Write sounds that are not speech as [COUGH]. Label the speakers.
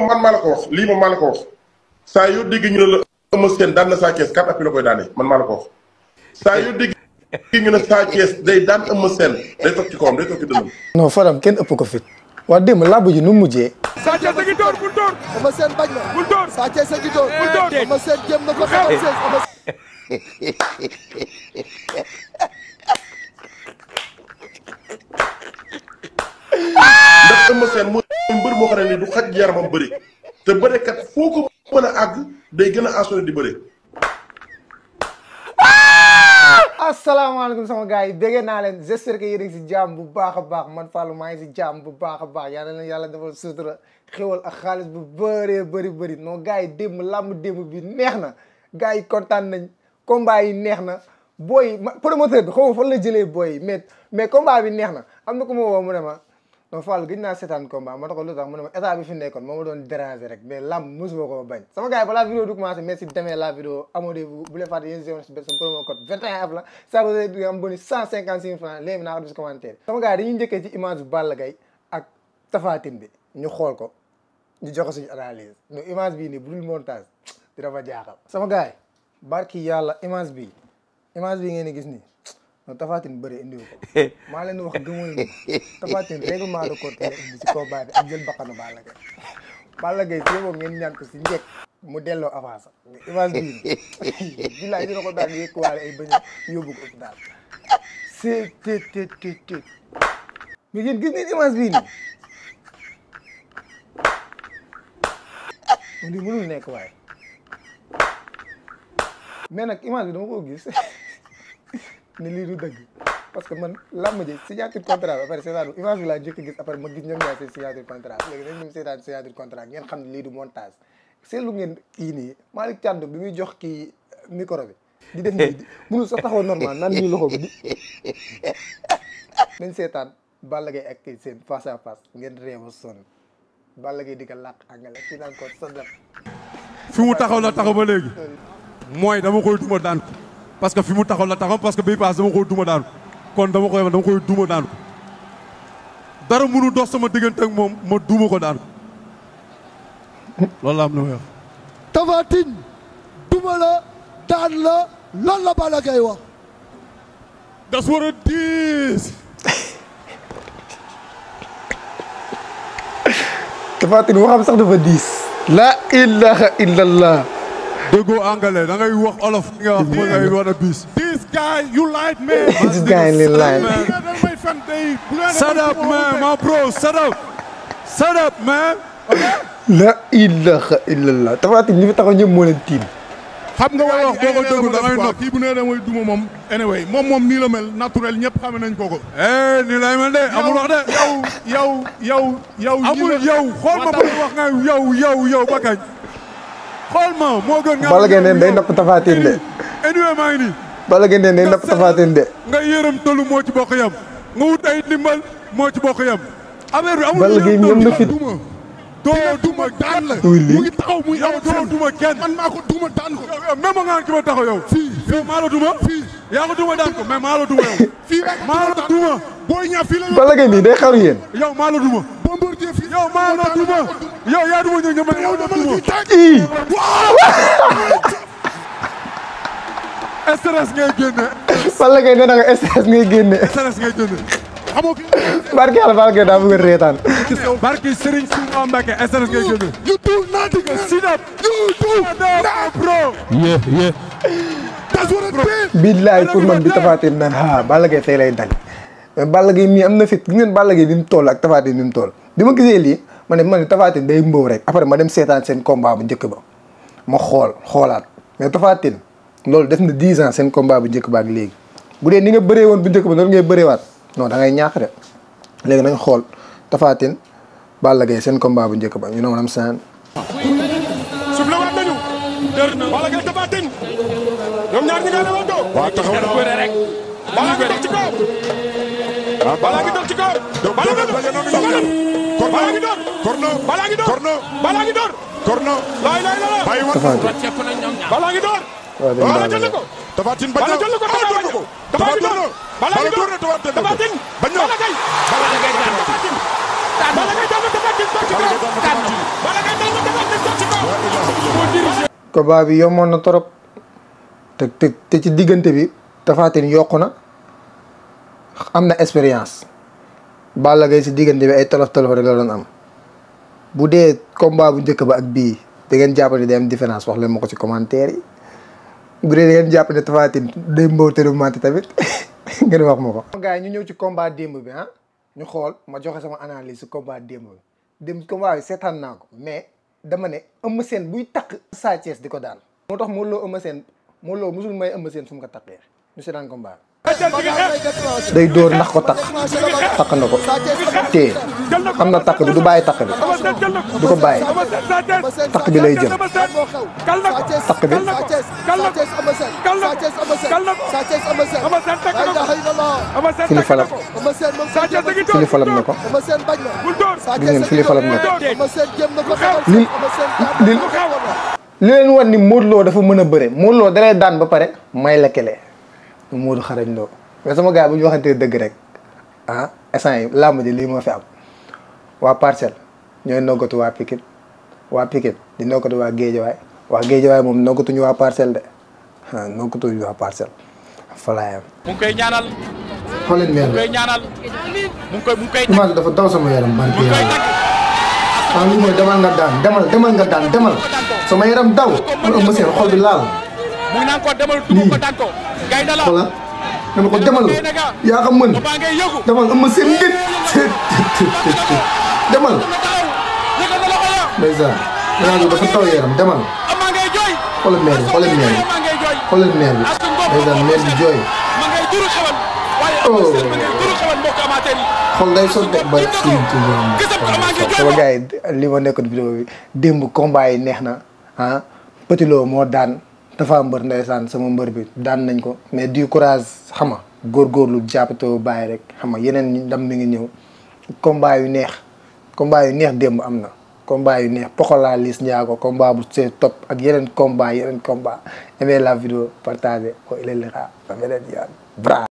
Speaker 1: moom lii moom maa la ko saa yoo dégg ñu ne la Eumeu Sène daan na Sa Thiès quatre appuis koy daane man maa la saa yoo dégg ñu ne Sa Thiès day daan Eumeu Sène day toog ci kawam day toog ci dënnam non Fadam kenn ëpp ko fit waa démb làmb ji nu mujjee Sa Thiès a ngi door bul door Eumeu Sène bañ na bul door Sa Thiès a ngi door bul door Eumeu [LAUGHS] xaj yaramam bëri te bërekat foo ko mën a àgg day gën a assuré di bëri. Ah! asalaamaaleykum sama gars yi bégee naa leen j'espère que yéen a ngi si jàmm bu baax a baax man Fallou maa ngi si jàmm bu baax a baax yàlla na leen yàlla defal sutura xéwal ak xaalis bu bari bëri bari noo gars yi démb làmb démb bi neex na gars yi kontaan nañ combat yi neex na booy promoteur bi xaw ma fan la jëlee booy mais mais combat bi neex na am na ku ma woo mu ne ma non Fall gëj naa seetaan combat ma tax lu tax mu ne ma état bi fi nekkoon moo ma doon déranger rek mais lamb mosuma ko bañ sama gars yi balaa vidéo du commencé merci demee la vidéo amodez-vous bu leen fàtte yéen zone si benn suñu promo code 21 af la saa bu di nga am boni 155 francs léegi naa ko bis commentaire sama gars yi dañuy njëkkee ci image bu Balla Gaye ak Tapha Tine bi ñu xool ko ñu joxe suñu analyse no image bii nii bu dul montage dina ma jaaxal sama gars yi barki yàlla image bi image bii ngeen di gis nii non Tapha Tine bëre indi ko [LAUGHS] leen wax gëmuñu Tapha Tine règlement de compte la indi si combat bi ak jël bakkanu Balla Gaye Balla Gaye fii moom ngeen ñaan ko si njëkk mu delloo avance avance bii [LAUGHS] bilaay dina ko daan yëkkuwaale ay bëñ yóbbu ko daal c'est te te te te mais yéen gis ngeen image bii nii lii mënul nekk waaye mais nag image bi dama ko gis [LAUGHS] ne lii du dëgg parce que man lamb ji signature contrat ba pare seetaan image bi laa njëkk a gis après ma gis ñoom ñaar seen signature contrat léegi dañ dem seetaan signature contrat ngeen xam ne du montage seetlu ngeen kii nii Malick Thiandoum bi muy jox kii eh, micro bi di def nii [LAUGHS] mënul sax taxaw normal naan nii loxo bi di nañ seetaan Balla Gaye ak seen face à face ngeen réew a Balla Gaye di ko làq angale ci naan ko sa def fi mu taxaw la taxaw ba léegi mooy dama koy duma daan parce que fi mu taxaw la taxaw parce paas dama koy duma daanu kon dama koy dama daanu ko dara mënu dox sama diggante ak moom ma duma ko daanu loolu la am lu wax. das war a diis. Tapha Tine waxam sax dafa diis. la ilaha illallah. déggoo anglais da ngay wax olof. ki nga wax mooy ngay war a bis. this guy you lied man. this guy li lied. shut up man my bro shut up. shut up man. la tafaati ñi fi taxaw ñëpp moo leen tiim. xam nga wax boo ko déglu ngay nopp kii bu mooy duma moom. anyway moom moom nii la mel naturel ñëpp xam nañ ko ko. nii lay mel de amul wax de. yow yow yow yow. amul yow xool ma bu wax nga yow yow yow ba kañ. xool moo gën nga Balla Gaye neen day napp tafaatin de anyway maa ngi nii Balla Gaye neen day napp tafaatin de nga yërëm tolu moo ci bokk yam nga wut ay ndimbal moo ci bokk yam affaire bi amul Balla Gaye ñëm na fit doo duma daan la mu ngi taxaw muy yow doo duma kenn man maa ko duma daan ko même ma ma taxaw yow fii yow maa la duma fii yaa ko duma daan ko mais maa la duma yow [LAUGHS] fii maa la duma booy ñaa fii la Balla nii day xaru yéen Bombardier fii yow maa la duma yow yaa duma ñëw ñëw yow dama la ci tàgg stress ngay génne [LAUGHS] Balla Gaye nee daa bëgg a reetaan barke Serigne Touba Mbacké stress ngay génne you do bi tafaatin naan ha ah, Balla Gaye dal Balla Gaye am na fit gis ngeen Balla ni mu ak Tapha Tine ni mu bi ma gisee lii ma ne ma ne Tapha Tine day mbëw rek après ma dem seetaan seen combat bu njëkk ba ma xool xoolaat mais Tapha Tine loolu def na 10 ans seen combat bu njëkk ba ak léegi bu dee ni nga bëree woon bu njëkk ba noonu ngay bëreewaat non da ngay ñaax de léegi nañ xool Tapha Tine Balla Gaye seen combat bu njëkk ba ñu ne maanaam seen. suuf la waat nañu. dër na Balla Gaye Tapha Tine ñoom ñaar ñu ngi lay lewantoo. waaw taxaw na waaw rek. Balla Gaye ci kaw. balaa ngi doon ci kaw. balaa ngi doon soxal. balaa ngi doon. corno balaa ngi doon. corno balaa ngi doon. corno. laay laay la la. bàyyi woon balaa ngi doon. waaw dem baala jël ko. tafatin bañ na ko tafatin ko. tafatin ko balaa ngi doon tafatin. bañ na ko balaa ngay daan tafatin. balaa ngay daan tafatin toog ci kaw. balaa ngay daan tafatin toog ci kaw. combat bi yomboon na trop te te te ci diggante bi tafatin yokku na. am na expérience Balla Gaye si diggante bi ay tolof tolof rek la doon am bu dee combat bu njëkk ba ak bii da ngeen jàpp ne day am différence wax leen ma ko ci commentaire yi bu dee da ngeen jàpp ne Tapha tamit [LAUGHS] ngeen wax ma ko. gars ñu ñëw ci combat démb bi ah ñu xool ma joxe sama analyse si combat démb bi démb combat bi seetaan naa ko mais dama ne Eumeu seen buy takk Sa Thiès di ko daal moo tax Modou loo Eumeu seen moo loo musul may Eumeu Sène fu mu ko takkee ñu seetaan combat day dóor ndax ko takk takk na ko téye xam na takk bi du bàyyi takk bi du ko bàyyi
Speaker 2: takk bi lay jël takk bi
Speaker 1: filifalam filifalam na ko gis ngeen filifalam na ko li leen wan ni Modou Lo dafa mën a bëre Modou loo dalay daan ba pare may la kele Modou xarañ lo mais sama gaay bu waxante deug rek ah instant yi di ji lii moo fi am wa parcel ñoy nogatu wa piket, wa Pikine di way wa geejjo way mom nogatu ñu wa parcel de ha ah, nogatu ñu wa parcel falaay yem. mu koy ñaanal. xoolal mel mu koy ñaanal. mu koy mu koy. Imaam dafa daw sama yaram barki yàlla. waaw ah, li mooy demal nga daan demal demal nga daan demal sama yaram daw man monsieur xol bi laal. mu ngi naan ko demal dugg ko daan ko gaynde la voilà dama ko demal yaa xam mën demal am ma seen ngeen demal ndeysaan Ronaldo dafa taw yaram demal xoolal meer bi xoolal meer bi xoolal meer bi ndeysaan meer bi jooy oh xool day soog def ba suñu tuuti sama gars yi li ma nekkoon vidéo bi démb combat yi neex na ah Petit Lo moo daan dafa mbër ndeysaan sama mbër bi daan nañ ko mais du courage xama góorgóorlu jàppatoo bàyyi rek xama yeneen ndam mi ngi ñëw combat yu neex combat yu neex démb am na combat yu neex poxolaa Liss Ndiago combat bu see topp ak yeneen combat yeneen combat aimez la vidéo partagez ko ilal liqa ba beneen yoon